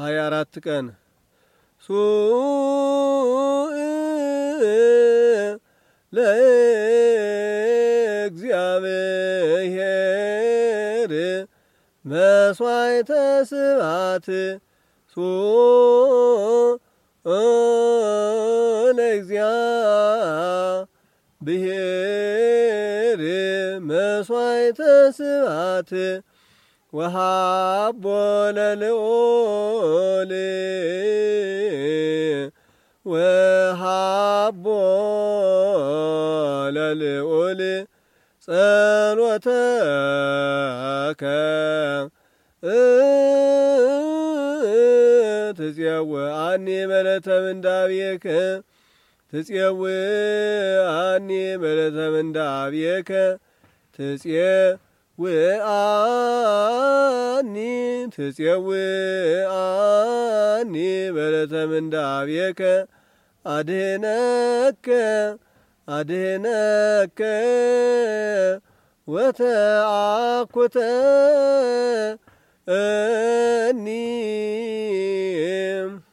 ሀያ አራት ቀን ሱእ ለእግዚአብሔር መስዋዕተ ስብሐት ሱእ ለእግዚአብሔር መስዋዕተ ስብሐት ወሃቦ ለልዑል ወሃቦ ለልዑል ጸሎተከ ትጼውአኒ በለተ ምንዳቤከ ትጼውአኒ በለተ ምንዳቤከ ትጼ ውአኒ ትጼውአኒ በለተ ምንዳቤከ አድህነከ አድህነከ ወተአኩተ እኒም